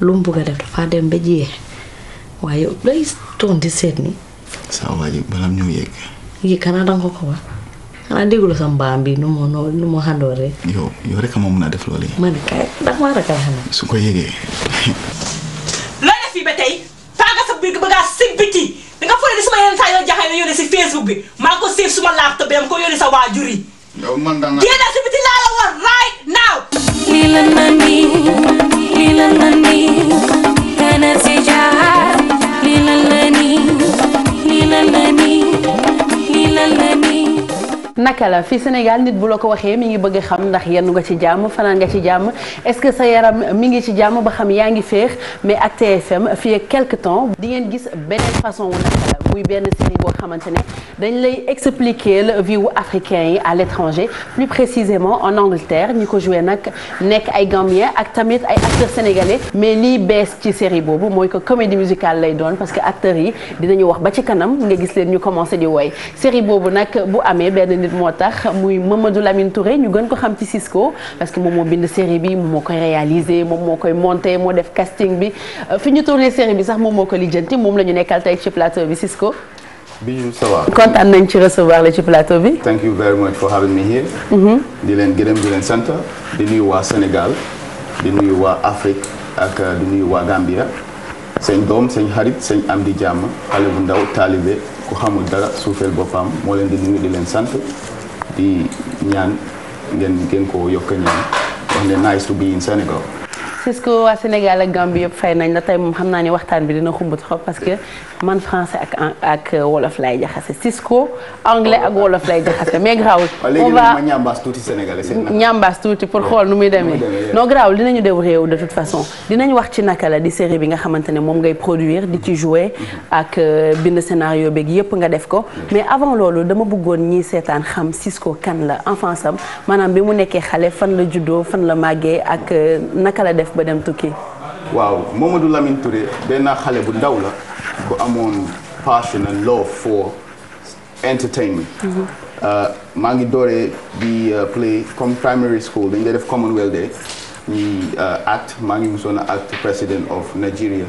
lu mu bugg a def dafa dem ba jeex waaye yow lay toon di seet ni saa waa ji balaa ñëw yegg yii kanaa danga ko ko wax xanaa déglu sa mbaam bi nu mu nu mu xandooree yow yow rek moo mun a def loolu yi su ko yégee loo def fii ba tey faa sa biir bagaas si biti danga foog ne suma yenn saa yoo jaxee na yónnee si facebook bi maa ko séef suma laptop bi dama ko yónnee sa waajur yi yow man si biti laa la war right now naka la fii Sénégal nit bu la ko waxee mi ngi bëgg xam ndax yenn nga ci jàmm fanaan nga ci jàmm est-ce que sa yaram mi ngi ci jàmm ba xam yaa ngi féex mais ak TFM fii quelque temps di ngeen gis beneen façon wu muy benn série boo xamante ne dañ lay expliquer le vie wu africain yi à l'étranger plus précisément en Angleterre ñi ko joué nag nekk ay Gambien ak tamit ay acteurs sénégalais mais lii bees ci série boobu mooy que comédie musicale lay doon parce que acteurs yi dinañu wax ba ci kanam nga gis leen ñu commencé di woy série boobu nag bu amee benn nit moo tax muy Mamadou Lamine Touré ñu gën ko xam ci Cisco parce que moom moo bind série bi moom moo koy réalisé moom moo koy monté moo def casting bi bi sax ko. Bijou ça va. kontaan ci recevoir plateau bi. thank you very much for having me here. Mm-hmm. di leen gërëm di leen sant di nuyu waa senegal di nuyu waa Afrique ak di nuyu waa Gambia seen doom seen xarit seen am di jàmm xale bu ndaw taalibe ku xamul dara suufeel boppam moo leen di nuyu di leen sant di ñaan gen ko yokk ñaan wax ne nice to be in Sénégal. Cisco waa Sénégal ak Gambie yëpp fay nañ la tey moom xam naa ne waxtaan bi dina xumb trop parce que man français ak ak euh, wolof lay jaxase Cisco anglais ak wolof lay jaxase mais grawul ah, on va ñambaas tuuti sénégalais ñambaas tuuti pour xool nu muy demee non grawul dinañu dew réew de toute façon ñu wax ci naka la di série bi nga xamante ne moom ngay produire di ci jouer mm-hmm. ak euh, bind scénario beeg yëpp nga def ko mais avant loolu dama bëggoon ñi seetaan xam sisko kan la enfance am maanaam bi mu nekkee xale fan la juddoo fan la màggee ak euh, naka la def ba dem tukki. waaw Mamadou Lamine Touré benn xale bu ndaw la bu amoon passion and love for entertainment. Mhm. Euh, maa ngi dooree di euh, play comme primary school dañ lay def Commonwealth Day ñuy euh, act maa ngi musoon a act president of Nigeria.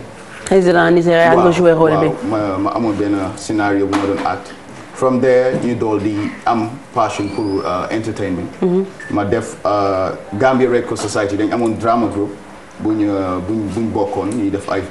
ma amoon benn scénario bu ma doon act. from there ñu dool di am passion pour entertainment. Mhm. ma def Gambia Red amoon drama group. buñ euh, buñ buñ bokkoon ñuy def ay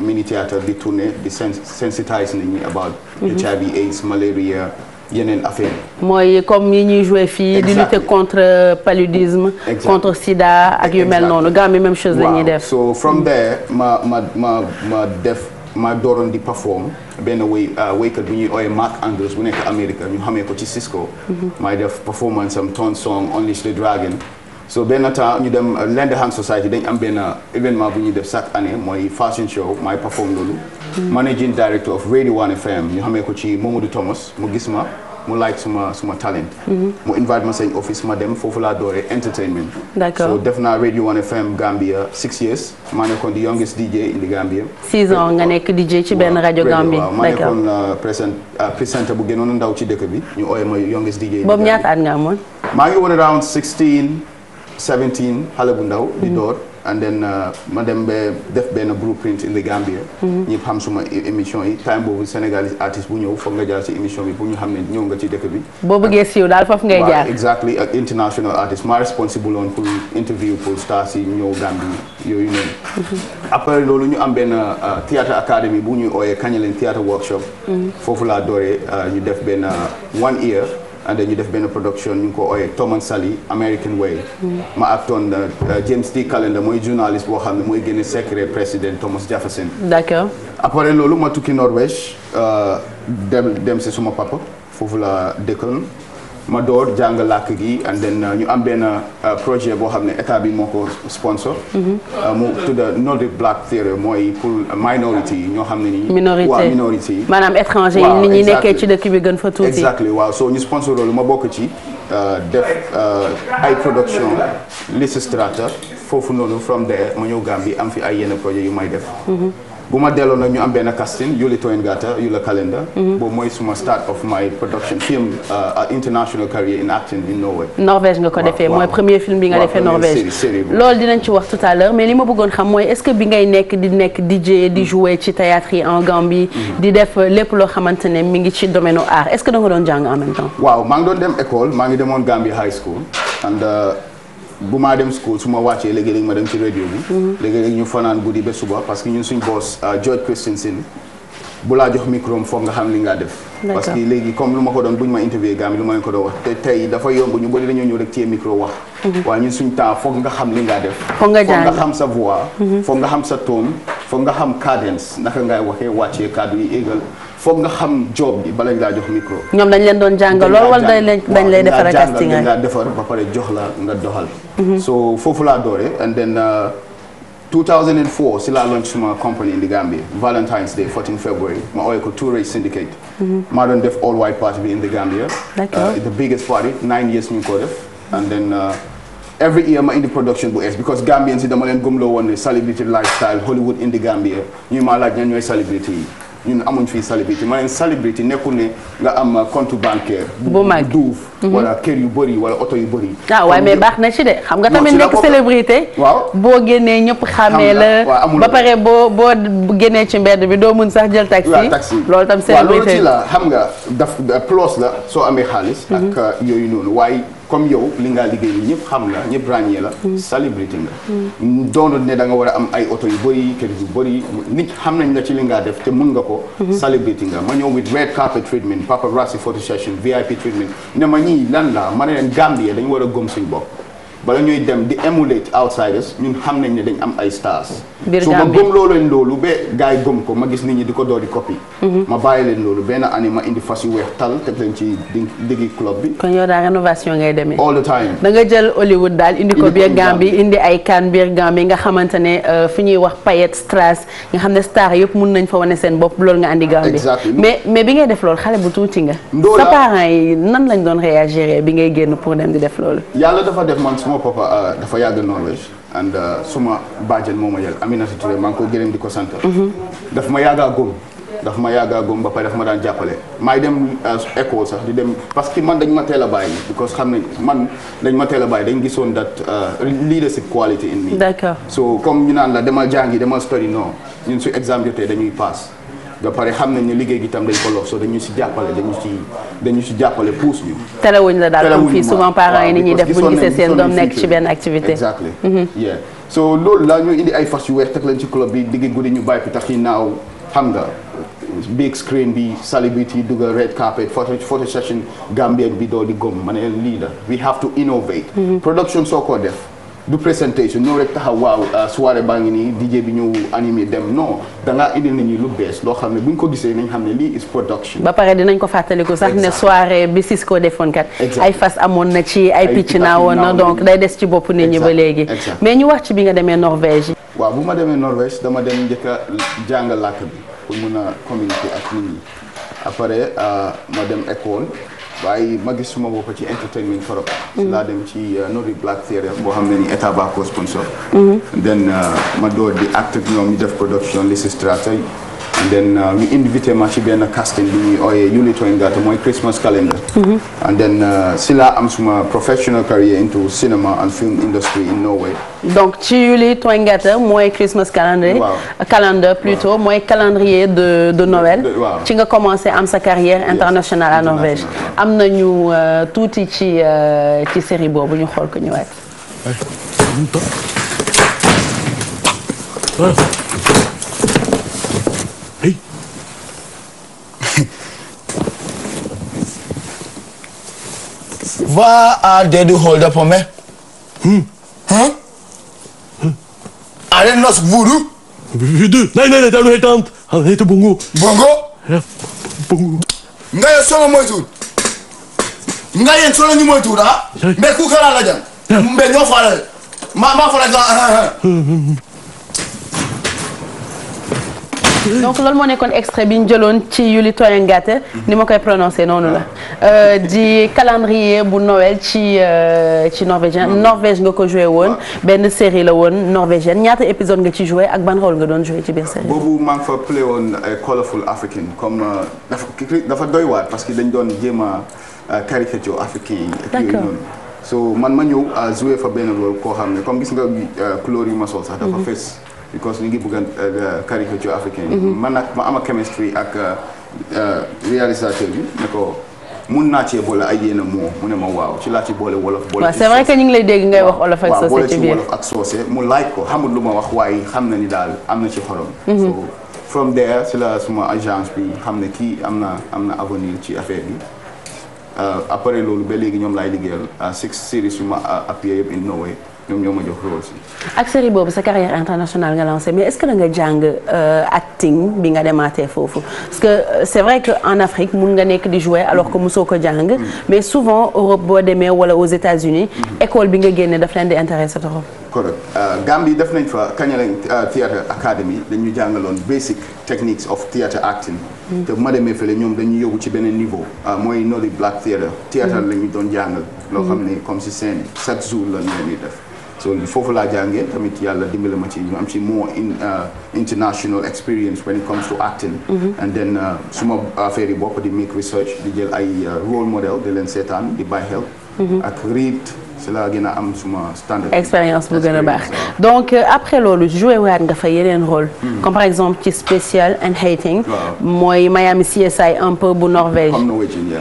mini théâtre di tourner di sensitise nit ñi about HIV mhm. AIDS malaria yeneen affaire mooy comme yi ñuy joué fii di lutter contre euh, paludisme contre sida ak yu mel noonu Gambie même chose la def so from mhm. ma ma ma ma def ma dooroon di perform benn way euh, waykat bu ñuy ooyee Mark Andrews bu nekk Amérique ñu xamee ko ci Cisco. Mhm. may def performance am ton song Unleash the Dragon so benn temps ñu dem euh, Lend Hand Society dañ am benn euh, événement bu ñuy def chaque année mooy fashion show maay perform loolu. managing director of Radio FM ñu xamee ko ci Momadou Thomas mu gis ma. mu like suma talent. Mm-hmm. mu invite ma seen office ma dem foofu laa dooree entertainment. d'accord so def naa Radio 1 FM Gambia six years. maa nekkoon di youngest DJ in the Gambia. six ans nga nekk DJ ci benn rajo Gambie. d'accord maa nekkoon euh, présent présentateur bu gënoon ndaw ci dëkk bi. ñu ooyee ma youngest DJ. boobu ñaata at nga amoon. 17 xale bu ndaw di mm-hmm. door and then uh, ma dem ba def benn blueprint in the Gambia mm-hmm. ñëpp xam suma e-, émission yi time boobu sénégalais artiste bu ñëw foog nga jaar si émission bi pour ñu xam ne ñëw nga ci dëkk bi boo bëggee siiw daal foofu ngay jaar exactly international artiste ma responsible woon pour interview pour star si ñëw Gambie yooyu noonu mm-hmm. après loolu ñu am benn uh, théâtre academy bu ñuy ooyee kañaleen théâtre workshop foofu laa dooree uh, ñu def benn one year ande ñu def benn production ñu ngi ko ooyee Tom and Sally American Way ma actoon uh, uh, James T. Callender mooy journaliste boo xam ne mooy génne secret président Thomas Jefferson d'accord après loolu ma tukki Norvège euh, dem dem si suma papa foofu la dëkkoon ma door jàng làkk gi and then uh, ñu am benn uh, projet boo xam ne état bi moo ko sponsor mhm. uh, mu tudda Nordic Black Theatre mooy pour minority yi ñoo xam ne nii minorité waaw minorité yi maanaam étranger yi nit ñi nekkee ci dëkk bi gën fa tuuti exactly waaw so ñu sponsor loolu ma bokk ci def ay production Lysistrata foofu noonu from there ma ñëw Gambie am fi ay yenn projet yu may def mhm. bu ma delloo nag ñu am benn casting Yuli Toyingata Yula Kalenda. Mhm. boobu mooy suma start of my production film uh, uh, international career in acting in Norway. nga ko defee mooy premier film bi nga defee Norvège. loolu dinañ ci wax tout à l'heure mais li ma bëggoon xam mooy est-ce que bi ngay nekk di nekk DJ di mhm. jouer mhm. di def lépp loo xamante ne mi ngi ci domaine art est-ce que da nga doon jàng en high school uh, bu maa dem school su ma wàccee léegi-léegi ma dem ci radio bi mhm. léegi-léegi ñu fanaan guddi ba parce que ñun suñ boss euh, George Christensen bu laa jox micro am foog nga xam li nga def que léegi comme lu ma ko ma ko doon wax te tey dafa yomb ñu mhm. foog nga xam li nga def foog sa voix mhm. foog nga xam sa tone foog nga xam cadence naka ngay waxee wàccee kàddu yi égal foog nga xam job bi balañ laa jox micro. ñoom dañ leen doon jàngal lool wala dañ leen dañ lay defar ak casting dañ laa defar ba pare jox la nga doxal. Mhm. so foofu laa doore and then 2004 uh, si laa launch suma company in the Gambia Valentine's Day 14 February ma ooye ko Touré syndicate. Mhm. maa doon def all white party bi in the Gambia. d'accord uh, the biggest party nine years ñu ko def. and then uh, every year ma indi production bu es because Gambians yi dama leen gëmloo woon ne celebrity lifestyle Hollywood in the Gambia ñuy maa laaj ñan ñooy celebrity yi. ñun amuñ fii salubrité ma ne salubrité nekkul ne nga am compte bancaire. bu mag duuf. Mhm. wala kër yu bëri wala oto yu bëri. ah waaye mais baax na ci de xam nga tamit nekk célébrité. waaw boo génnee ñëpp xàmmee la. ba pare boo boo génnee ci mbedd bi doo mun sax jël taxi. waaw taxi loolu tam célébrité la xam nga daf plus la soo amee xaalis. Mhm. ak euh, yooyu noonu waaye. comme yow li ngaa liggéey li ñëpp xam la ñëpp ràññee la mm. célébrité nga mm. doonul ne da war a am ay oto yu bëri kër yu bëri nit xam nañ la ci li ngaa def te mun nga ko mm-hmm. célébrité nga ma ñëw with red carpet treatment paparazzi photo session VIP treatment ne ma ñii lan la ma ne leen war a gëm suñ bopp bala ñuy dem di emulate outsiders ñun xam nañ ne dañ am ay stars. su ma gëm loo leen loolu ba gars gëm ko ma gis nit ñi di ko doo di copy. Mhm. ma bàyyi leen loolu benn année ma indi fas yu weex tal teg leen ci diggi club bi. kon yow daal rénovation ngay demee. all nga jël Hollywood daal indi ko biir Gambie indi ay kan biir Gambie nga xamante ne euh, fi ñuy wax Payette Strass nga xam ne star yëpp mun nañ fa wane seen bopp loolu nga andi Gambie. exactement mais mais bi ngay def loolu xale bu tuuti nga. sa parents yi nan lañ doon réagir bi ngay génn pour di def loolu. sama papa euh, dafa yàgg Norvège and euh, suma bàjjen moo ma yàgg Aminata Touré maa ngi ko gërëm di ko sant. Mhm. daf ma yàgg a góom ma yàgg a góom ba pare daf ma daan euh, parce que man dañ ma teel a bàyyi because xam ne man dañ ma teel a bàyyi dañ gisoon that leadership quality in me. d'accord so comme ñu naan la demal jàngi demal study non ñun su exam jotee dañuy pass. ba pare xam nañ ne liggéey gi tam dañ ko lor so dañu si jàppale dañu si dañu si jàppale pousse bi. telewuñ la daal comme fii souvent parents yi ni ñuy def bu ñu gisee seen doom nekk ci benn activité. exactly mhm. yeah so loolu laa ñu indi ay fas yu weex teg leen ci club bi digg guddi ñu bàyyi fi tax yi naaw xam nga. big screen bi celebrity yi dugal red carpet photo photo session Gambien bi doo di gom ma ne lii la we have to innovate. Mhm. production soo ko def. du présentation ñëw rek taxaw waaw euh, soirée baa ngi nii DJ bi ñëw animé dem non dangaa indi nañu lu bees loo xam ne buñ ko gisee nañ xam ne lii is production. ba pare dinañ ko fàttaliku sax ne soirée bi Cisco defoon kat. ay fas amoon na ci ay picc naa woon na donc day des ci bopp nit ñi ba léegi. mais ñu wax ci bi nga demee Norvège. waaw bu ma demee Norvège dama dem njëkk a jàng làkk bi pour mun a communiquer ak nit ñi après euh, ma dem école. waaye ma gis suma bopp ci entertainment trop laa dem ci euh, Nori Black Theatre boo xam ne ni état baa ko sponsor mhm. then euh, ma door di act ak ñoom ñu def production li si stratégie then ñu uh, invité ma ci benn casting bi ñuy ooyee Yuli Toyingata mooy Christmas calendar. Mm-hmm. and then uh, si laa am suma professional career into cinema and film industry in Norway. donc ci Yuli Toyingata mooy Christmas calendar. calendar plutôt mooy calendrier de de Noël. ci nga commencé am sa carrière internationale à Norvège. am nañu euh, tuuti ci euh, ci série boobu ñu xool ko ñëwaat. Vad är det du håller på med? Mm. Mm. Mm. Är det något voodoo? Voodoo? Nej, nej, nej, Bongo. Bongo? Ja, Nga ye solo moy tuut. Nga ye solo ni moy tuut ah. Mais ku kala la jam. Mbe ñoo faale. Ma ma faale ga. donc loolu moo nekkoon extrait bi ñu jëloon ci Yuli Toyen Ngate ni ma koy prononcé noonu la ah. euh, di calendrier bu nowel ci euh, ci norvégien ah. Norvège nga ko joué woon ah. benn série la woon norvégienne ñaata épisode nga ci joué ak ban rôle nga doon joué ci biir série boobu maa ngi fa play woon euh, colorful africain comme dafa dafa doy waar parce que dañ doon jéem a caricature africain yi yooyu noonu so man ma ñëw joué fa benn rôle koo xam ne comme gis nga couleur yu ma sol sax dafa mhm. fees because ñu ngi bëgg a euh, caricature africain yi mhm. man nag ma ama chemistry ak euh, euh, réalisateur bi nako ko mun naa cee boole ay yéen a moo mu ne ma waaw ci laa ci boole wolof. boole waaw c'est ngi lay dégg ngay wax olof ak soose ci biir ak soose mu laaj ko xamul lu ma wax waaye xam na ni daal am na ci xorom. Mhm. so from there ci la suma agence bi xam ne kii am na am na avenir ci affaire bi. après loolu ba léegi ñoom laay liggéeyal six series yu ma in Norway ñoom ñoo ma jox rôle si. ak série boobu sa carrière internationale nga lancé mais est-ce que da jàng euh, acting bi nga demaatee foofu parce que euh, c'est vrai que en Afrique mun nga nekk di jouer alors que mosoo ko jàng. Mm-hmm. mais souvent Europe boo demee wala aux États-Unis mm-hmm. école bi nga génne daf leen di intéressé trop. correct euh, Gambie def nañ fa Kañalañ Theatre Academy dañu jàngaloon basic techniques of theatre acting. Mm-hmm. te bu ma demee fële ñoom dañuy yóbbu ci beneen niveau. mooy Nollywood Black Theatre. théâtre la ñu doon jàngal. loo xam ne chaque jour la so foofu laa jàngee tamit yàlla dimbali ma ci ñu am ci more in uh, international experience when it comes to acting mm-hmm. and then uh, suma affaire yi bopp di make research di jël ay uh, role model di leen seetaan di bàyyi xel mm-hmm. ak read si laa gën a am suma standard. expérience bu gën a baax donc euh, après loolu joué waat nga fa yeneen rôle. Hmm. comme par exemple ci Special and Hating. mooy Miami CSI un peu bu Norvège.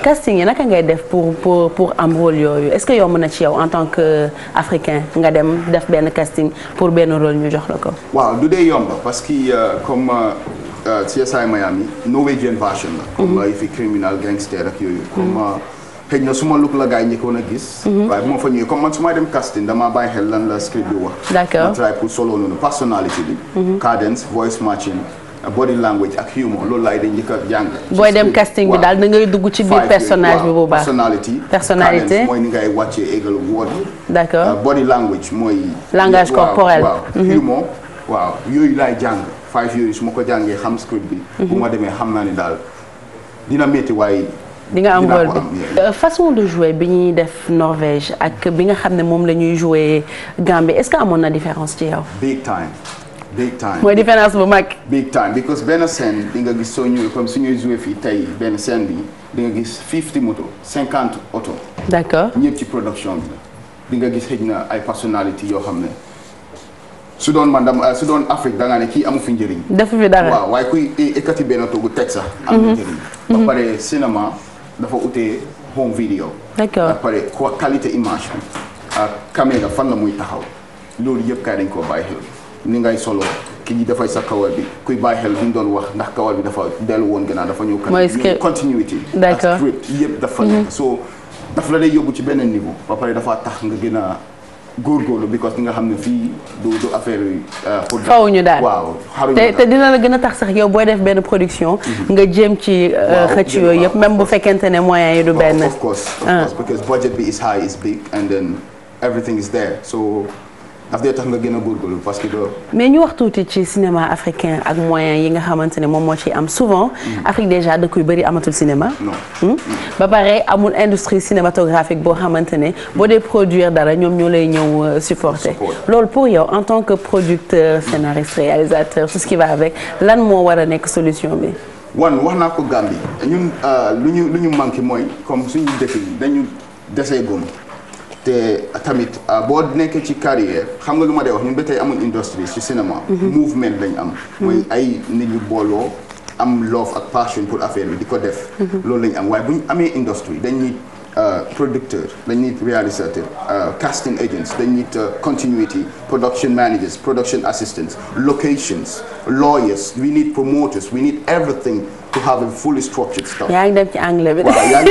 casting yi naka ngay def pour pour pour am rôle yooyu est-ce que yomb na ci yow en tant que euh, africain nga dem def benn casting pour benn rôle ñu jox la ko. waaw du dee yomb parce que euh, comme. CSI Miami Norwegian version la. comme hmm. ay fi criminal gangster ak yooyu. comme hmm. xëy na su ma lug la gars yi njëkkoon a gis. Mhm. waaye bu ma fa ñëwee comme man su may dem casting damaa bàyyi xel lan la script bi wax. d' accord ma try pour solo noonu personnalité bi. Mhm. cadence voice matching. body language ak humour loolu laay a jàng. booy dem casting bi daal da ngay dugg ci biir personnage bi bu baax personnalité. personnalité mooy ni ngay wàccee égal wood d' accord euh, body language langage corporel waaw mhm. waaw yooyu laay jàng five yooyu su ma ko jàngee xam script bi. bu ma demee xam naa ne daal dina métti waaye. di nga am rôle bi euh, façon de jouer bi ñuy def Norvège ak bi nga xam ne moom la ñuy jouer Gambie est-ce que amoon na différence ci yow. big time big time. mooy différence bu mag. big time benn seen bi nga gis soo ñëwee comme su ñuy jouer fii tey benn scène bi di nga gis 50 moto 50 auto. d'accord ñëpp ci production bi di nga gis xëj na ay personnalité yoo xam ne. su doon man dam su doon Afrique da nga ne kii amu fi njëriñ. defu fi dara waaye kuy ekkati benn toogu teg sax. am na mhm. njëriñ. Mhm. ba pare cinéma. dafa utee home video. d'accord ba pare qualité image bi ak caméra fan la muy taxaw loolu yëpp kaay dañ koo bàyyi xel ni ngay solo ki ñi dafay sax kawar bi kuy bàyyi xel duñ doon wax ndax kawar bi dafa dellu woon gannaaw dafa ñëw. mooy script continuity ak script yëpp dafa. Mhm. so daf la day yóbbu ci benn niveau ba pare dafa tax nga gën a. góorgóorlu because nga xam ne fii du du affaire yi. Euh, faw ñu daal waaw te te dina la gën a tax sax yow booy def benn production. Mhm. nga jéem ci euh, xëcc yooyu yëpp même bu fekkente ne moyens yi du benn. of course of ah. course because budget bi is high is big and then everything is there so. daf dee tax nga gën a góorgóorlu parce mais ñu wax tuuti ci cinéma africain ak moyen yi nga xamante ne moom moo ciy am souvent. Mm. Afrique déjà dëkk yu bëri amatul cinéma. non hmm? ba pare amul industrie cinématographique boo xamante ne boo dee produire dara ñoom ñoo lay ñëw euh, supporter. loolu pour yow en tant que producteur scénariste réalisateur tout ce qui va avec lan moo war a nekk solution bi. wan wax naa ko Gambie ñun euh, lu ñu lu ñu manqué mooy comme suñu dëkk yi dañu desee góom. te tamit ah, boo nekkee ci carrière xam nga lu ma dee wax ñun ba tey amul industrie ci cinéma. Mhm. mouvement lañ am. Mhm. mooy ay nit ñu booloo am love ak passion pour affaire bi di ko def. Mhm. loolu lañ am waaye bu ñu amee industrie dañ nit ah, producteur dañ nit réalisateur ah, casting agents dañ nit continuity production managers production assistants locations lawyers we need promoters we need everything. to have a fully yaa ngi dem ci anglais bi. waaw yaa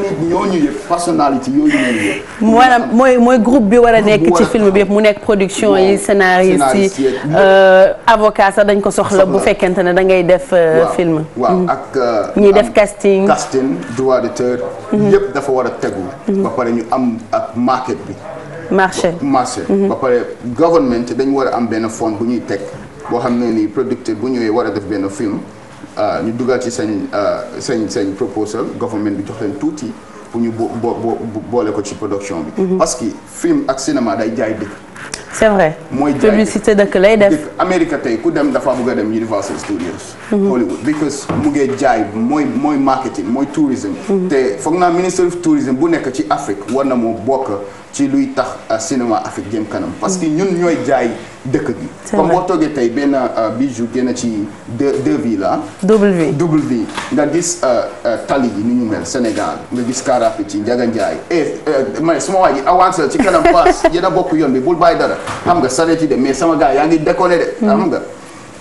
ngi so mooy mooy groupe bi war a nekk ci film bi yëpp mu nekk production yi scénariste yi euh, avocat sax dañ ko soxla bu fekkente ne da ngay def. Euh, film waaw mm. ak. Euh, ñuy def casting. casting droit d'auteur. Mm-hmm. yëpp dafa war a tegu. Mm-hmm. ba pare ñu am ak bi. marché marché. Mm-hmm. ba pare government am benn fond bu ñuy teg. boo xam ne ni producteur bu ñëwee war a def benn film euh, ñu dugal ci seen euh, seen seen proposal government bi jox leen tuuti pour ñu bo bo boole ko ci production bi. Mhm. parce que film ak cinéma day jaay dëkk. c'est vrai mooy jaay publicité dëkk lay def. dëkk Amérique tey ku a dem Universal Studios. Mhm. Hollywood because mu ngee jaay mooy mooy marketing mooy tourisme. Mhm. te foog naa ministre of bu nekk ci Afrique war na moo bokk. ci luy tax euh, cinéma Afrique jëm kanam. parce que ñun ñooy jaay dëkk bi. comme boo toogee tey benn bi euh, bijou na ci deux deux vies la. double vie double nga gis euh, tali yi ni ñu mel Sénégal nga gis car rapide ci Ndiaga Ndiaye et eh, man suma waa ji avancé ci kanam paas yéen a bokk yoon bi bul bàyyi dara xam nga sareet yi de mais sama gars yaa ngi décollé de. Hmm. xam nga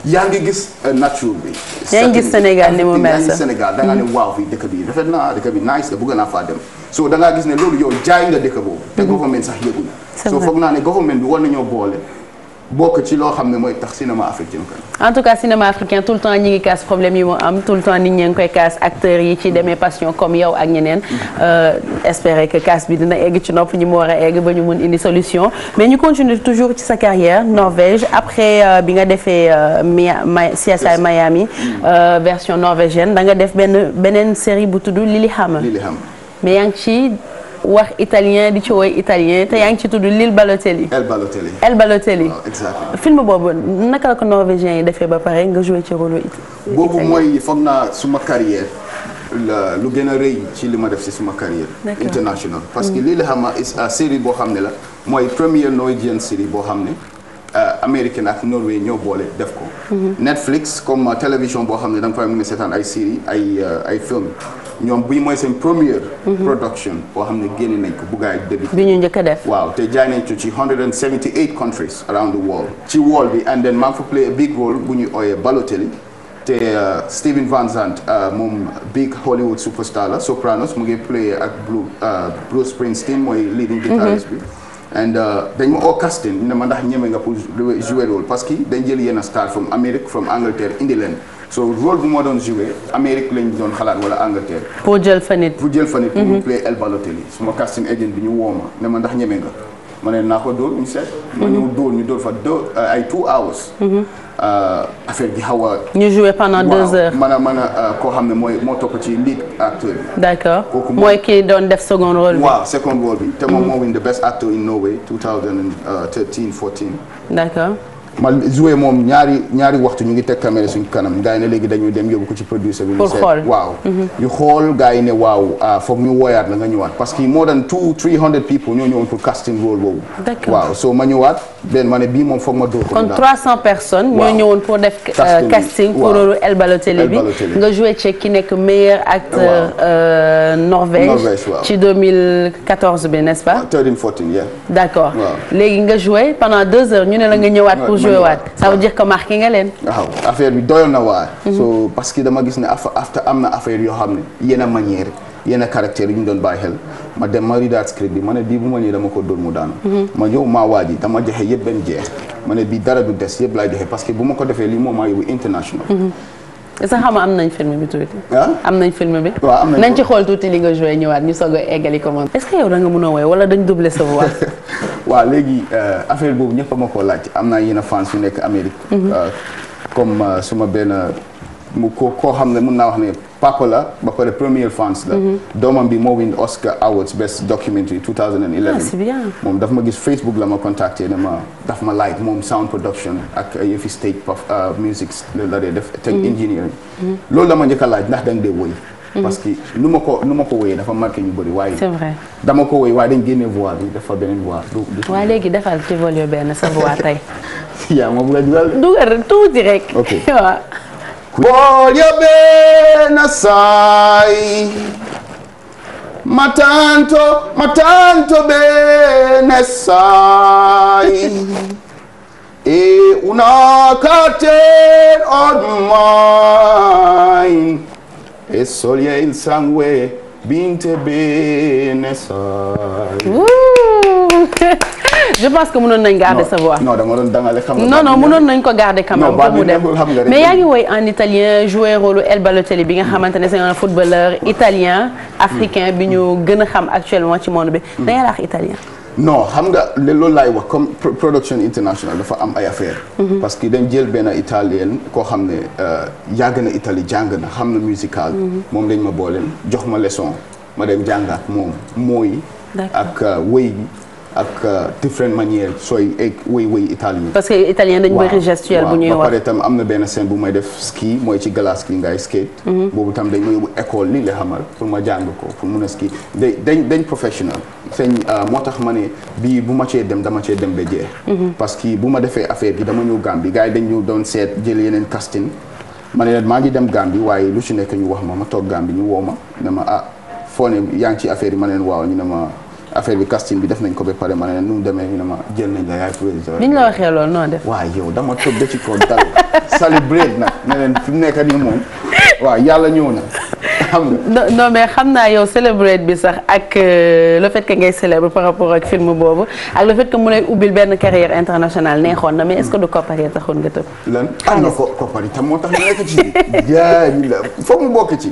yaa ngi gis nature bi. yaa ngi gis Sénégal ni mu mel sax yaa ngi ne hmm. waaw fii dëkk bi rafet naa dëkk bi nice la bëgg naa faa dem. so da ngaa gis ne loolu yow jaay nga dëkk boobu te mhm. government sax yëgul so foog naa ne government bi war nañoo boole bokk ci loo xam ne mooy tax cinéma africain en tout cas cinéma africain tout le temps ñi ngi kaas problème yi mu am tout le temps nit ñi ngi koy kaas acteurs yi ci mhm. demee passion comme yow ak ñeneen mhm. euh, espérer que kaas bi dina egg ci nopp ñi mu war a ba ñu mun indi solution mais ñu continue toujours ci sa carrière Norvège après euh, bi nga defee euh, CSI Miami version norvégienne da nga def benn beneen série bu tudd Lillehammer Lillehammer mais yaa ngi ci wax italien di ci woy italien te yaa ngi ci tudd Lil Balotelli. El Balotelli El Balotelli. waaw exactement film boobu naka la ko norvégien yi defee ba pare nga joué ci rôle italien. boobu mooy foog naa suma carrière la lu gën a rëy ci li ma def si suma carrière. international parce que mm. Lil la is a série boo xam ne la mooy première norvégienne série boo xam ne. Euh, américain ak Norvège ñoo boole def ko. Mm-hmm. Netflix comme télévision boo xam ne da nga fay mën a seetaan ay série ay euh, ay film ñoom bii mooy seen première. Mhm. production boo xam ne génne nañ ko bugaay début. bi ñu njëkk a def waaw te jaay nañ ko ci 178 countries around the world. ci world bi and then maa ngi fa play a big role bu ñuy ooyee Balotelli te uh, Steven Van Zandt uh, moom big Hollywood superstar la Sopranos mu ngi play ak uh, Bruce Springsteen mooy leading mhm. guitarist bi. and dañ ma oo casting ne ma ndax ñeme nga pour jouer rôle parce que dañ jël yenn star from Amérique from Angleterre indi leen. so rôle bu ma doon joué Amérique lañ doon xalaat wala Angleterre. pour jël fa nit. pour jël fa nit. pour mhm. mu play El Balotelli suma casting agent bi ñu woo ma ne ma ñeme nga ma ne naa ko dóor ñu seet. ma mhm. ñëw dóor ñu dóor fa dóor euh, ay two hours. Mhm. Euh, affaire bi xaw a. ñu joué pendant deux heures waaw man a euh, koo xam ne mooy moo topp ci lead acteur bi. d' mooy kii doon def second rôle bi. waaw second rôle te moom moo win the best actor in Norway 2013 ma joué moom ñaari waxtu ñu ngi teg caméra suñu kanam gars yi ne léegi dañuy dem yóbbu ko ci producer bi. pour xool waaw. Mhm. ñu xool gars yi ne waaw ah, foog ñu wooyaat la nga ñëwaat parce que more than people ñoo ñëwoon pour casting rôle boobu. waaw so ma ñëwaat benn ma ne bii moom foog ma dóor personnes. ñoo ñëwoon pour def. Euh, casting pour El Balotelli bi. nga joué ci ki nekk meilleur acteur. Euh, Norvège ci bi nest pas. d'accord léegi nga joué pendant deux heures ñu ne la joué waat ça veut dire que marqué nga leen. waaw affaire a doyoon na so parce que dama gis ne after am na affaire yoo xam ne yenn manière yenn caractère yu doon bàyyi xel ma dem ma redaat script ma ne ma ñëwee dama mhm. ma ñëw maa waaj jeex ma dara du des yëpp laay joxe ma ko defee lii moom maa international. Mhm. est-ce que xam am nañ film bi tuuti. Ah? am nañ film bi. nañ ci xool tuuti li nga joué ñëwaat ñu soog a eggali commande. est-ce que yow da nga mën a woy wala dañ doublé sa voix. waaw léegi euh, affaire boobu ñëpp ma ko laaj am naa yenn fans yu nekk Amérique. Mhm. Euh, comme euh, suma benn mu koo koo xam ne mën naa wax ne. papa la ba pare premier fans la. Mhm. doomam bi moo win Oscar Awards best documentary 2011. ah c'est bien moom daf ma gis Facebook la ma contacté ne ma daf ma like moom sound production ak yëfi stage paf uh, music la dee def. tech mhm. engineering. Mhm. loolu la ma njëkk a laaj ndax da nga dee woy. parce que nu ma ko nu ma ko woyee dafa marqué ñu bëri waaye. c'est vrai dama ko woy waaye dañ génne voix bi dafa beneen voix. du waaye léegi defal ci vol benn sa voix tey. yaa ma bëgg a dugal. dugal tuuti rek. ok waaw. bool ya benn saay matanto matanto benn saay e una cartel on mine e soglie il sangue binte bi soy. je pense que mënoon nañ garder sa voix. non dama doon dangale xam nga. non non mënoon nañ ko garder quand même. ba mu dem mais yaa ngi woy en italien joué rôle El Balotelli bi nga xamante ne c'est un footballeur italien. africain bi ñu gën a xam actuellement ci monde bi. Mm. da nga laax italien. non xam nga loolu laay wax comme production international dafa am ay affaire mhm. parce que dañ jël benn italien koo xam ne euh, yàgg na Italie jàng na xam na musical mhm. moom dañ ma booleen jox ma leçon ma dem jàngaat moom mooy ak euh, wéy bi ak euh, different manière sooy woy woy italien. parce que italien dañ bëri gestuel bu ñuy wax ba pare tam am na benn scène bu may def ski mooy ci glace gi ngay skate. Mhm. boobu tam dañ ma yóbbu école li nga xamal pour ma jàng ko pour mun a ski dañ dañ euh, moo tax ma ne bii bu ma cee dem dama cee dem ba jeex. Mhm. parce que bu ma defee affaire bi dama ñëw Gambie gars yi dañ doon seet jël yeneen casting ma ne maa ngi dem Gambie waaye lu ci nekk ñu wax ma ma toog Gambie ñu woo ma ne ma ah foo ne yaa ngi ci affaire yi ma leen waaw ñu ne ma. affaire bi casting bi def nañ ko ba pare ma ne nu mu demee ñu ne ma jël nañ la yaay président. bi ñu la waxee loolu noo def. waaw yow dama toog de ci kaw dal célébrer nag ne leen fi mu nekk nii moom waaw yàlla ñëw na. xam nga. non mais xam naa yow célébrate bi sax ak euh, le fait que ngay célèbre par rapport ak film boobu ak le fait que mu lay ubbil benn carrière internationale neexoon na mais est-ce que du koppar yi taxoon nga tëb. lan am ah, na ko koppar moo tax nekk ci la foog mu bokk ci.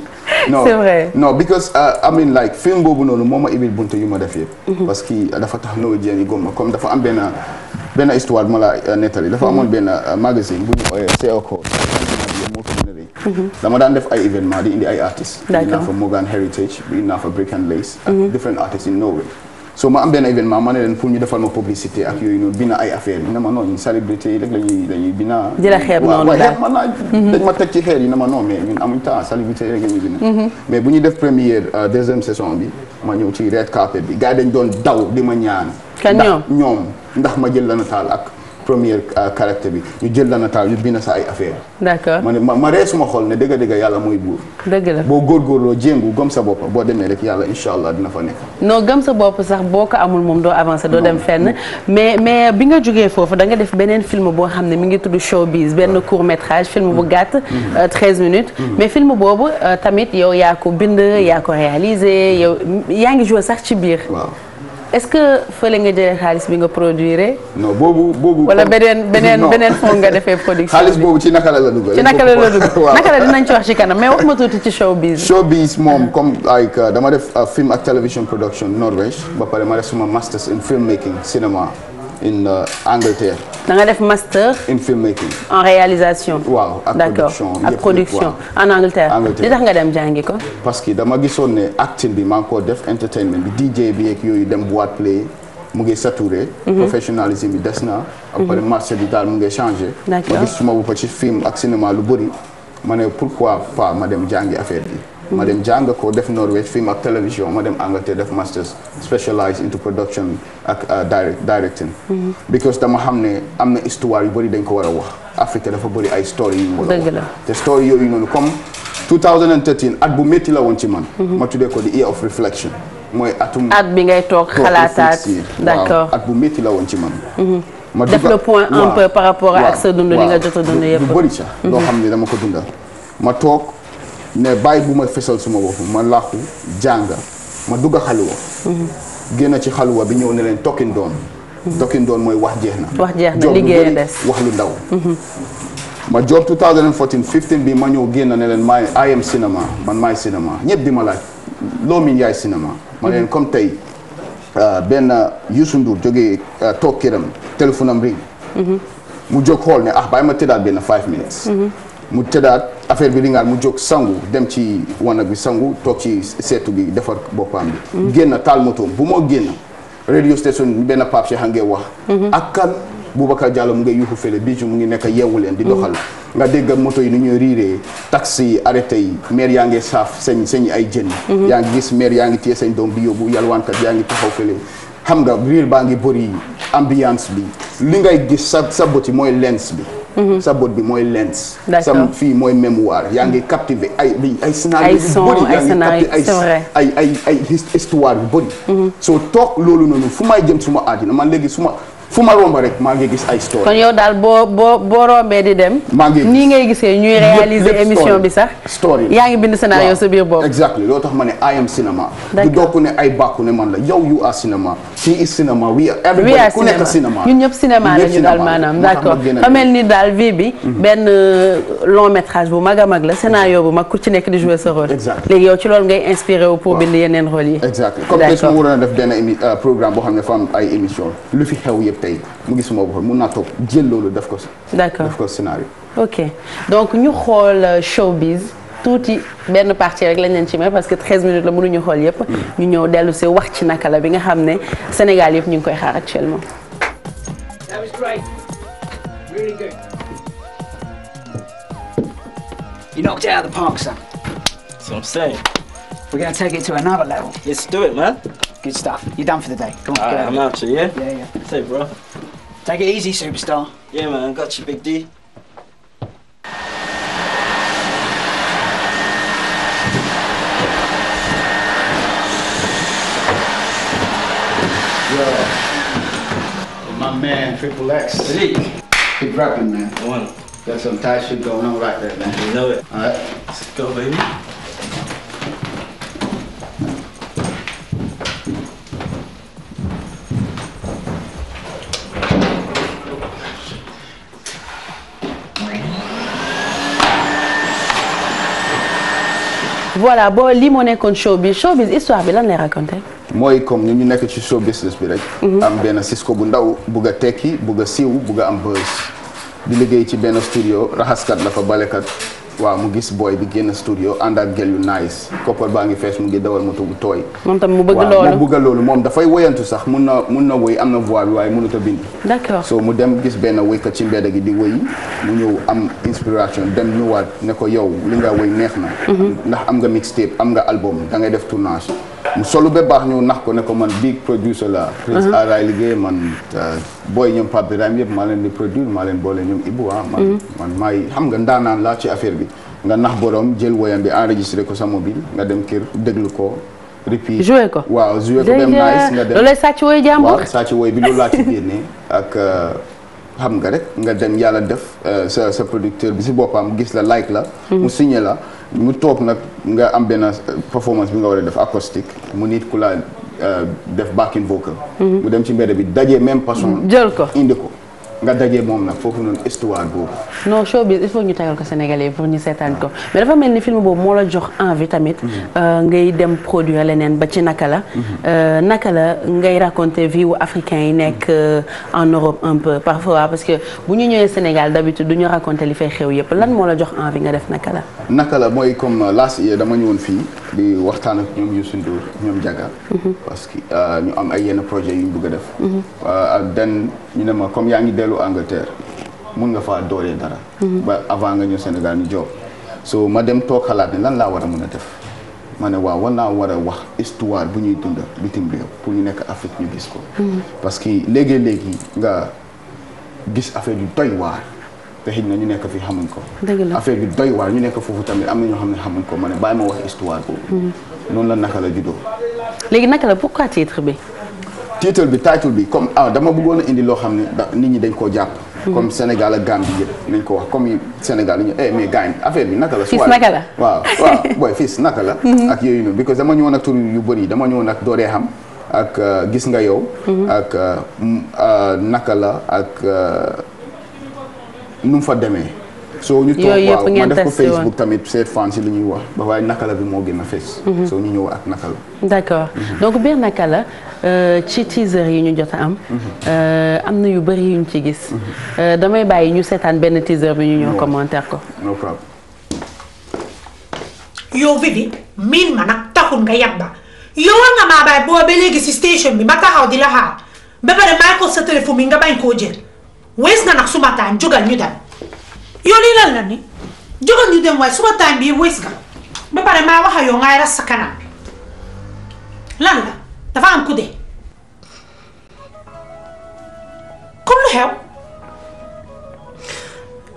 c'est vrai non because uh, I mean like film boobu noonu moo ma ubbil buntu yu ma def yëpp. Mhm. parce que uh, dafa tax noo jéem gomma comme dafa am benn benn histoire bu ma la uh, nettali dafa mhm. amoon benn magazine bu Mm-hmm. dama daan def ay événement di indi ay artistes. d' accord indi naa fa Morgan Heritage indi naa fa Brick and Lace. ak mm-hmm. different artistes in Norway. so ma am benn événement ma ne leen pour ñu defal ma publicité ak yooyu noonu bina ay affaire yi ne ma noonu célébrité yi rek la ñuy la ñuy bina. jërëjëf xeeb noonu daal waaw waaye xeeb dañ ma teg ci xeer yi ne ma non mais ñun amuñ temps célébrité yi rek la ñuy bina. Mm-hmm. mais bu ñu def première euh, deuxième saison bi ma ñëw ci red carpet bi gars yi dañ doon daw di ma ñaan. kan ñoom ndax ñoom ndax ma jël la nataal ak. première euh, caractère bi ñu jël la nataal ñu bind sa ay affaire d'accord ma ne ma ree suma xol ne dëgg dëgg yàlla mooy buur dëgg la boo góorgóorloo jéngu gëm sa bopp boo demee rek yàlla incha allah dina fa nekk non gëm sa bopp sax boo ko amul moom doo avancé doo dem fenn mais mais bi nga jógee foofu da nga def beneen film boo xam ne mi ngi tudd showbiz benn court métrage film bu mm-hmm. gàtt 13 euh, mm-hmm. minutes mm-hmm. mais film boobu euh, tamit yow yaa ko bind yaa ko réalisé yow yaa ngi joué sax ci biir waaw est-ce que fële nga jëlee xaalis bi nga produire non boobu boobu. wala beneen beneen beneen fond nga defee production xaalis boobu ci naka la la dugg. ci naka la la dugg naka la dinañ ci wax ci kanam mais wax ma tuuti ci showbiz. showbiz moom comme like euh, dama def euh, film ak television production Norvège ba pare ma def suma masters in film making cinéma in euh, Angleterre. da def master. in filmmaking en réalisation. waaw ak production d'accord ak production en Angleterre. li tax nga dem jàngi ko. parce que dama gisoon ne acting bi maa ngi koo def entertainment bi DJ bi yeeg yooyu dem boîte play mu ngi saturé. Mhm. professionnalisme bi des na. après mhm. marché bi daal mu ngi changé. ma gis suma bopp ci film ak cinéma lu bëri ma ne pourquoi pas ma dem jàngi affaire bi. ma dem jàng ko def Norvège film ak télévision ma dem Angleterre def masters specialize into production ak uh, direct directing mhm. because dama xam ne am na histoire yu bëri dañ ko war a wax Afrique dafa bëri ay story yu ñu a wax te yooyu noonu comme at bu métti la woon ci man mhm. ma tuddee ko the year of reflection mooy at bu métti la woon ci man mhm. ma def le point un peu par rapport ak sa li nga jot a dund ne bàyyi bu ma fesal suma bopp ma làqu jàng ma dugg a xaluwa génn ci xaluwa bi ñëw ne leen tokkin doon tokkin doon mooy wax jeex na wax jeex na liggéey des wax lu mhm. ma bi ma ñëw génn ne leen maay I am cinéma man maay cinéma ñëpp di ma laaj loo miin yaay cinéma ma leen mhm. comme tey euh, benn Youssou Ndour jógee euh, toog këram téléphone ring mhm. mu jóg xool ne ah bàyyi ma tëddaat benn 5 minutes mu tëddaat affaire bi ringaal mu jóg sangu dem ci wanag bi sangu toog ci seetu bi defar boppam bi. génn taal motoom bu moo génn radio station benn Pape Cheikh a ngi wax. Mhm. ak kan Boubacar Diallo mu ngi yuuxu fële bii mu ngi nekk yeewu leen. di doxal mhm. nga dégg moto yi nu ñuy riiree taxi yi arrêté yi maire yaa ngi saaf seen seen ay jën. Mhm. yaa ngi gis maire yaa ngi téye sañ doom bi yóbbu yalwaankat yaa ngi taxaw fële. xam nga riir baa ngi bëri ambiance bi li ngay gis sa sa bëti mooy lens bi. Mm-hmm. sa bët bi mooy lens. sa fii mooy mémoire yaa ngi captivé ay ay scénario yu bëri yaa ngi captivé ay ay ay histoire yu bëri. Mm-hmm. toog loolu noonu fu may jëm suma àddina man léegi suma fu ma romb rek maa ngi gis ay story kon yow daal boo boo boo rombee di dem. maa ngi nii ngay gisee ñuy réaliser émission bi sax. story yaa ngi bind scénario sa biir bopp. exactly loo tax ma ne I am cinéma. du doog ku ne ay bàkku ne man la yow you are cinéma. she is cinéma we are. everybody ku nekk cinéma ñun ñëpp cinéma la ñu daal maanaam. d' accord fa mel ni daal vie bi. Mhm. benn euh, long métrage bu mag a mag la scénario bu mag ku ci nekk di jouer sa rôle. exactement léegi yow ci loolu ngay inspiré wu pour bind yeneen rôle yi. d' accord exactement comme tey su ma waroon a def benn émi euh, programme boo xam ne fa am ay émission lu fi xew yëpp mu gis suma boppam mun naa toog jël loolu def ko. d'accord def ko scénario. ok donc ñu xool euh, showbiz tuuti benn partie rek lañ leen ci may parce que 13 minutes la mënuñu xool yëpp. Mm. ñu ñëw dellu si wax ci naka la bi nga xam ne Sénégal yëpp ñu ngi koy xaar actuellement. Really good. You knocked We're going to take it to another level. Let's do it, man. Good stuff. You're done for the day. Come on. All right, I'm out to you. Yeah, yeah. yeah. Say, bro. Take it easy, superstar. Yeah, man. Got you, Big D. Yo, my man Triple X. Zeke. Keep rapping, man. One. Got some tight shit going on right there, man. You know it. All right. Let's go, baby. voilà boo lii moo nekkoon showbiz showbiz histoire bi lan lay raconté. mooy comme ni ñu nekk ci show business bi rek. Mhm. am benn Cisco bu ndaw bugg tekki bugg a siiw bugg am buzz. di liggéey ci benn studio raxaskat la fa balekat waaw mu gis booy bi génn studio ànd ak gel yu nice koppar baa ngi fees mu ngi dawal moto bu tooy. moom tam mu bëgg loolu moom dafay woyantu sax mun na mun na woy am na voix bi waaye mënut a bind. d'accord so mu dem gis benn woykat ci mbedd gi di woy mu ñëw am inspiration dem ñëwaat ne ko yow li nga woy neex na. Mhm. ndax am nga mixtape am nga album da ngay def tournage. mu solu ba baax ñëw nax ko ne ko man big producer la mhm. Prince Aaraay liggéey man euh, booy ñoom Pape Birame yëpp maa leen di produire maa leen boole ñoom Ibou ah mhm. maay xam nga ndaanaan laa ci affaire bi nga nax borom jël woyam bi enregistré ko sa mobile nga dem kër déglu ko. repeat joué ko waaw joué ko dem nice nga dem loolay sàcc woy jàmbur waaw sàcc bi loolu laa ci génne ak euh, xam nga rek nga dem yàlla def euh, sa sa producteur bi si boppam gis la like la. Hmm. mu signé la mu toog nag nga am benn euh, performance bi nga war a def acoustique mu nit ku la def backing vocal. Hmm. mu dem ci mbedd bi dajee même personne. jël ko indi ko. nga dajee moom nag foofu noonu histoire boobu. non show bi il faut ñu tagal ko Sénégalais pour ñu seetaan ko mais dafa mel ni film boobu moo la jox envie tamit. Mhm. Euh, ngay dem produire leneen ba ci naka la. Mhm. Euh, naka la ngay raconter vie wu africain yi nekk euh, en Europe un peu parfois parce que bu ñu ñëwee Sénégal d'habitude du ñu raconter li fay xew yëpp lan moo la jox envie nga def naka la. naka la mooy comme last year dama ñëwoon fii di waxtaan ak ñoom Youssou Ndour ñoom Diaga. parce que euh, ñu am ay yenn projet yu ñu bëgg a def. Euh, den ñu ne ma comme yaa ngi dellu Angleterre mun nga fa doolee dara. ba avant nga ñëw Sénégal ni job so ma dem toog xalaat ne lan laa war a mun a def ma ne waaw war naa war a wax histoire bu ñuy dund bitim réew pour ñu nekk Afrique ñu gis ko. parce que léegi léegi nga gis affaire yu doy waar. te xëy na ñu nekk fi xamuñ ko. affaire bi doy waar ñu nekk foofu tamit am na ñoo xam ne xamuñ ko ma ne bàyyi ma wax noonu la naka la juddoo. léegi naka la pourquoi titre bi. bi title bi comme ah dama bëggoon indi loo xam ne nit ñi dañ koo jàpp. Hmm. comme Sénégal ak Gambie yëpp nañ ko wax comme Sénégal ñu eh bi naka la. fils naka la waaw waaw naka la. Hmm. yooyu noonu because dama ñëwoon ak tur yu bëri dama ñëwoon ak dooree xam. ak euh, gis nga yow. Hmm. ak euh, euh, naka la ak nu mu fa demee. soo ñu toog waaw ma def ko Facebook tamit seet fan si lu ñuy wax ba waaye nakala bi moo gën a fees. Mhm. soo ñu ñëw ak nakala. d'accord mhm. donc biir nakala euh, ci teaser yi ñu jot a am. Mhm. Euh, am na yu bëri yu ñu ci gis. Euh, damay bàyyi ñu seetaan benn teaser bi ñu ñëw ko. no problem. yow Vivi miin ma nag taxul nga yabba yow war maa bàyyi boo ba léegi si station bi ma taxaw di la xaar ba pare maa ko sa téléphone bi nga bañ koo jël wees na nag suma taan jógal ñu dem. yow lii lan la ni jógal ñu dem waaye suba time bii wés nga ba pare maa wax ak yow ngay ras sa kanam lan la dafa am ku dee comme lu xew.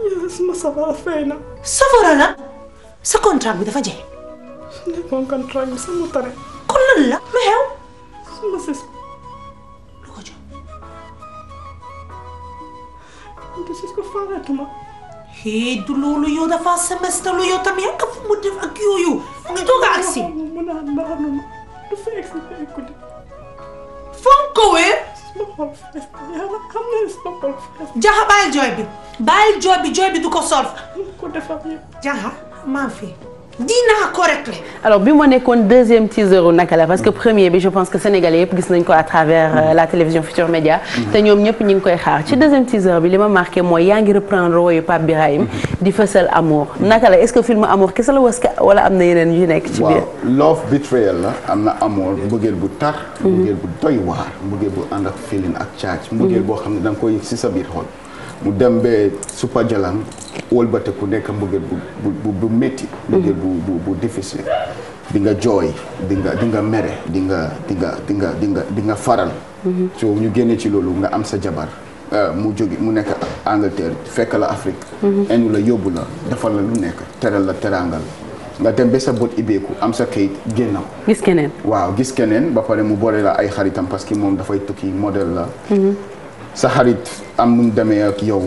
yow suma safara fay na. safara la sa contrat bi dafa jeex. ne contrat bi sama tare. kon lan la lu xew kii du loolu yow dafa semestre yow tamit yaa ngi mu def ak yooyu a agsi. mën naa mën naa dafa egsi ba écouté. foog jooy bi bàyyi jooy bi jooy bi du ko solf. ko defar dinaa ko réglé. alors bi ma nekkoon deuxième teaser u naka la parce que premier bi je pense que sénégalais yëpp gis nañ ko à travers euh, la télévision Futur Média. Mhm. te ñoom ñëpp ñu ngi koy xaar ci deuxième teaser bi li ma marqué mooy yaa ngi reprendre rooyu Pape Birahim mhm. di fësal amour naka la est-ce que film amour kese la wala am na yeneen yu nekk. ci biir waaw love betrayal la am na amour mhm. mbëggeel bu tar. bu doy waar bu ànd ak feeling boo xam ne da si sa biir mu dem ba suppa jalan wëlbateku nekk mbëggeel bu bu bu métti mbëggeel bu difficile di nga jooy di nga di nga mere di nga di nga di nga di nga di nga faral so ñu génnee ci loolu nga am sa jabar euh, mu jóge mu nekk Angleterre fekk la Afrique enu la yóbbu la defal la lu nekk teral la terangal nga dem ba sa boot ibeeku am sa kayit génn ko gis keneen waaw gis keneen ba pare mu boole la ay xaritam parce que moom dafay tukki modèle la sa xarit am nu mu demee ak yow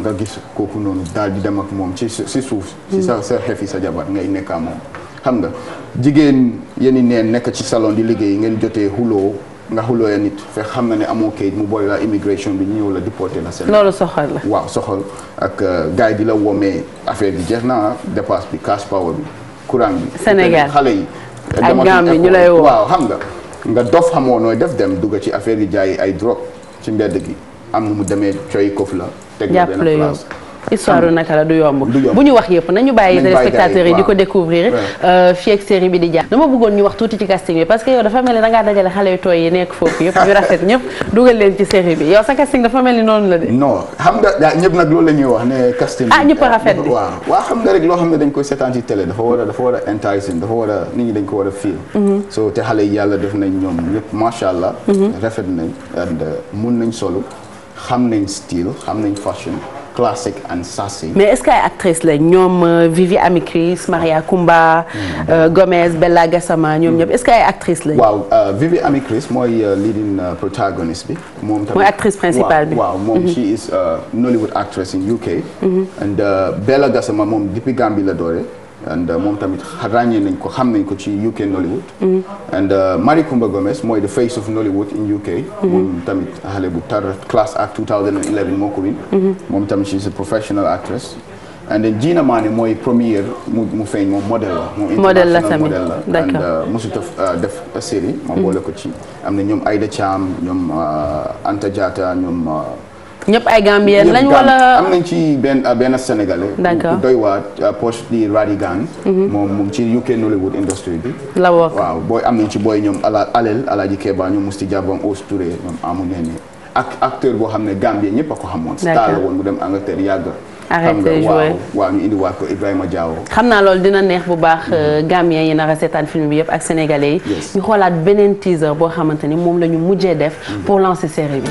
nga gis kooku noonu daal di dem ak moom ci si suuf si sa sa xefi sa jabar ngay nekkaa moom xam nga jigéen yeni neen nekk ci salon di liggéey ngeen jotee xuloo nga xuloo ya nit fekk xam na ne amoo kayit mu booy la immigration bi ñu ñëw la déporté la seen loolu soxal la waaw soxal ak euh, gars bi di la womee affaire bi jeex na ah, dépasse bi cash power bi courant bi Sénégal xale yi ak Gambie ñu lay woo waaw xam nga nga dof xamoo nooy def dem dugg ci affaire yi jaay ay drogue ci mbedd gi am na mu demee coy kof la. teg benn place histoire naka la du yomb bu ñu wax yëpp nañu bàyyi téléspectateurs yi di ko découvrir euh, fii ak série bi di jàpp dama bëggoon ñu wax tuuti ci casting bi parce que yow dafa mel ni da ngaa dajale xale yu tooy yi nekk foofu yëpp ñu rafet ñëpp dugal leen ci série bi yow sa casting dafa mel ni noonu la de non xam nga nag loolu la wax ne casting ah ñëpp rafet di waa waaw xam nga rek loo xam ne dañ koy seetaan ci télé dafa war a dafa war a enticing dafa war a nit ñi dañ ko war a fiil mm-hmm. so te xale yàlla def nañ ñoom yëpp macha allah mm-hmm. rafet uh, xam nañ style xam classic and sassy. mais est-ce que ay actrices lañ ñoom euh, Vivi Amicris Maria Kumba. Euh, Gomez Bella Gassama ñoom ñëpp est-ce que ay actrices euh, Vivi Amicris mooy leading protagonist bi. moom tamit mooy actrice principale moom mhm. she is Nollywood actress in UK. Mhm. and Bella Gassama moom depuis Gambie and uh, moom tamit ràññee nañ ko xam nañ ko ci UK Nollywood. Mm-hmm. and uh, Marie Coumba Gomez mooy the face of Nollywood in UK. Mm-hmm. moom tamit xale bu tar class act 2011 moo ko win. Mm-hmm. moom tamit she is a professional actress. and then Gina Mane mooy première mu mu feeñ moom modèle la. modèle la tamit d'accord and uh, mosut a def série. ma boole ko ci am na ñoom Aïda Thiam ñoom Anta Diatta ñoom. ñépp ay Gambien lañ wala am nañ ci benn ah, benn sénégalais. d'accord doy waar ah, poche di Radigan. Mhm. moom moom ci UK Nollywood industry bi. la bokk waaw booy am nañ ci booy ñoom ala alel Alaaji Keba ñoom Musti Diabo Ous Touré ñoom amu ne ak acteur boo xam ne Gambien ñëpp a ko xamoon. star mu dem Angleterre yàgg. arrêté joué waaw waaw Ibrahima Diawo. xam naa loolu dina neex bu baax. Mhm. Euh, Gambien yi nara seetaan film bi yëpp ak sénégalais yi. ñu xoolaat beneen teaser boo xamante ni moom la ñu mujjee def. Mhm. pour lancer série bi.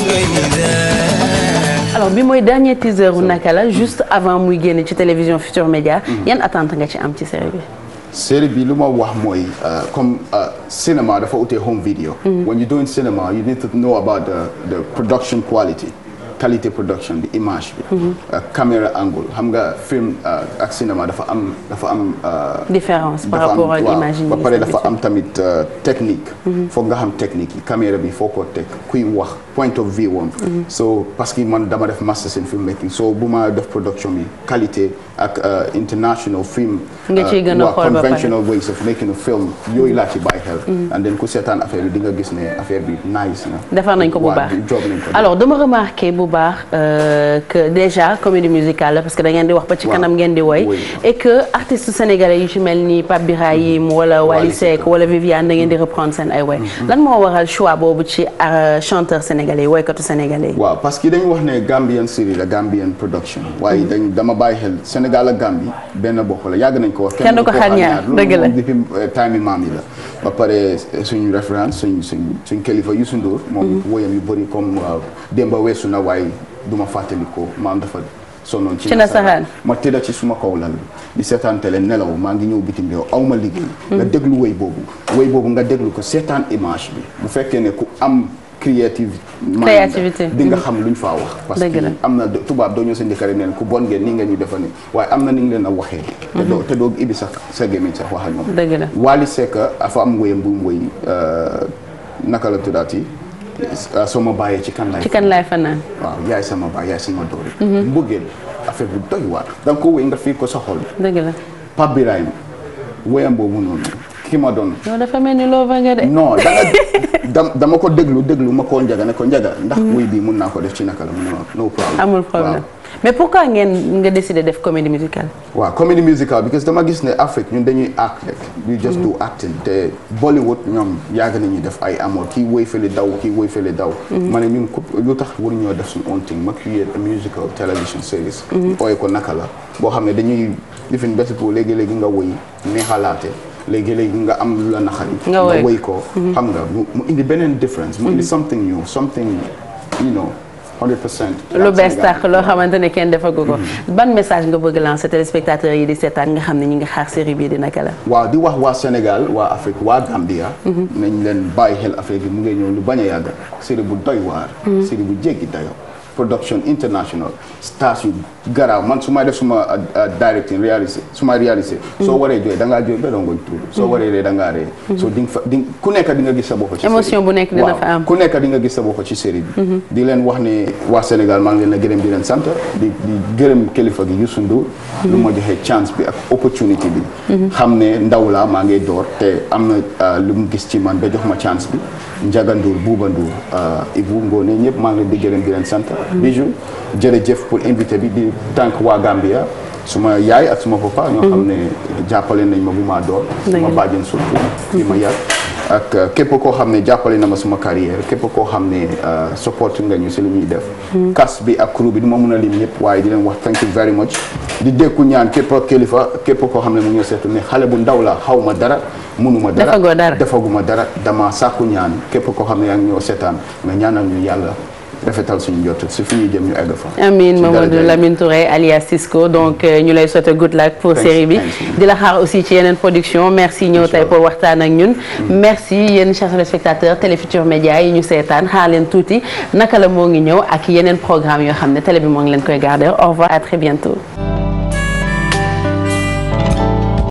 alors bi mooy dernier teaser u naka la juste mm-hmm. avant muy génn ci télévision Futur Média mm-hmm. yan attente nga ci am ci série bi série bi lu wax mooy euh, comme euh, cinéma dafa utee home video mm-hmm. when you're doing cinema you need to know about the production quality qualité production bi image bi. Mhm. Euh, caméra angle xam nga film euh, ak cinéma dafa am dafa am. Euh, différence par rapport ak image yi ba pare dafa am tamit technique. Mhm. foog nga xam technique yi caméra bi foo ko teg kuy wax point of view woon. Mhm. so parce que man dama def masters in film making so bu ma def production bi qualité. ak uh, international film. nga ciy uh, gën a xool ba conventional a film yooyu mm-hmm. ku seetaan affaire di nga gis ne affaire bi euh, musicale parce que da ngeen di wax ba ci kanam ngeen que artistes sénégalais yu ci mel ni Pape Birahim mm-hmm. wala Wally Seck wala Viviane da ngeen di mm-hmm. reprendre seen ay woy. lan moo waral choix boobu ci euh, chanteur sénégalais woykatu sénégalais. waaw parce que dañu wax ne Gambian série la Gambian production. waaye dañ dama Sénégal ak Gambie benn bopp la yàgg nañ ko wax. kenn ko xar ñaar dëgg la depuis euh, time maam yi la. ba pare euh, suñu référence suñ suñ suñ kilifa Youssou Ndour. Mm-hmm. moom woyam yu bëri comme Demba weesu na waaye du ma fàttali ko maam dafa. sonoon ci na saxaan ma tëdda ci suma kaw lal di seetaan télé nelaw maa ngi ñëw bitim réew aw ma liggéey. Mm-hmm. nga déglu woy boobu woy boobu nga déglu ko seetaan image bi bu fekkee ne ku am. créative créativité di nga xam luñ faa wax parce que am na tubaab doo ñëw sa njëkkari neen ku bon ngeen nii nga ñu defa ni waaye am na ni leen a waxee te doo mhm. ibi sa gémmiñ sax wax ak ñoom la Wally Seck dafa am euh, euh, ci kan laay ci kan laay fanaan waaw yaay sama baay yaay sama doori mhm. mbëggeel affaire bu doy waar da nga ko wéy nga fiir ko sa xol dëgg la Pape Birahim wéyam boobu noonu ki ma doon. non dafa mel ni dama dama ko déglu déglu ma koo njaga ne ko njaga. ndax mm. wuy bii mun naa ko def ci naka la mu ne no problème. amul problème mais pourquoi ngeen nga décidé def comédie musicale. waaw comédie musicale because dama gis ne Afrique ñun dañuy act rek. ñu just mm. do acting te Bollywood ñoom yàgg nañu def ay amour kii woy fële daw kii woy fële daw. Mm. ma ne ñun lu tax waruñoo def suñu own thing ma create a musical television ko naka la boo xam ne dañuy lifin bés bu léegi léegi nga woy neexalaate. léegi-léegi nga am lu la naxari nga wéy ko xam nga mu indi beneen difference mu indi mhm. something new something you know 100% lu bees tax loo xamante ne kenn defagu mhm. ban message nga bëgg lancer téléspectateurs yi di seetaan nga xam ne ñu ngi xaar série bi dina kala waaw di wax waa Sénégal waa Afrique waa Gambia mhm. nañ leen bàyyi xel affaire bi mu ngi ñëw lu bañ a yàgg série bu doy waar série bu jéggi dayo production international stars yu garaaw man su may def suma uh, uh, directing réalisé su may réalisé mm. soo waree jooy da ngaa jooy ba dongoñ tuuti soo mm. waree ree da ngaa ree mm-hmm. di nga fa di ku nekk di gis sa bopp ci émotion bu nekk dina fa am ku nekk di nga gis sa bopp ci série bi mm-hmm. di leen wax ne waa Sénégal maa ngi leen a gërëm leen sant di di gërëm kilifa gi Youssou mm-hmm. lu ma joxee chance bi ak opportunité bi xam ne ndaw laa maa ngi door te am na uh, lu mu gis ci man ba jox ma chance bi Ndiaga Ndour Bouba Ndour Ibou Ngoné ñëpp maa ngi leen di gërëm di leen sant bijou jërëjëf tànk waa Gambia suma yaay ak suma papa ñoo xam ne jàppale nañ ma bu maa door suma bàjjen surtout di ma yar ak euh, képp koo xam ne jàppale na ma suma carrière képp koo xam ne euh, support nga ñu si lu ñuy def hmm. bi ak crew bi ma mun a lim ñëpp waaye di wax thank you very much di ñaan képp kilifa képp koo xam ne mu ñëw seetu xale bu ndaw la xaw ma dara munuma dara defaguma dara dama sàkku ñaan képp koo xam ne yaa ngi ñoo seetaan nga ñaanal ñu yàlla rafetal suñu jot si fu ñuy jëm ñu àgg alias Cisco donc euh, ñu lay souhaiter good luck pour série bi di la xaar aussi ci yeneen production merci ñëw tey pour waxtaan ak ñun. Mm-hmm. merci yéen chers téléspectateurs Télé Futurs Médias yi ñu seetaan xaar tuuti naka la moo ngi ñëw ak yeneen programme yoo xam ne télé bi moo ngi leen koy garder au revoir à très bientôt.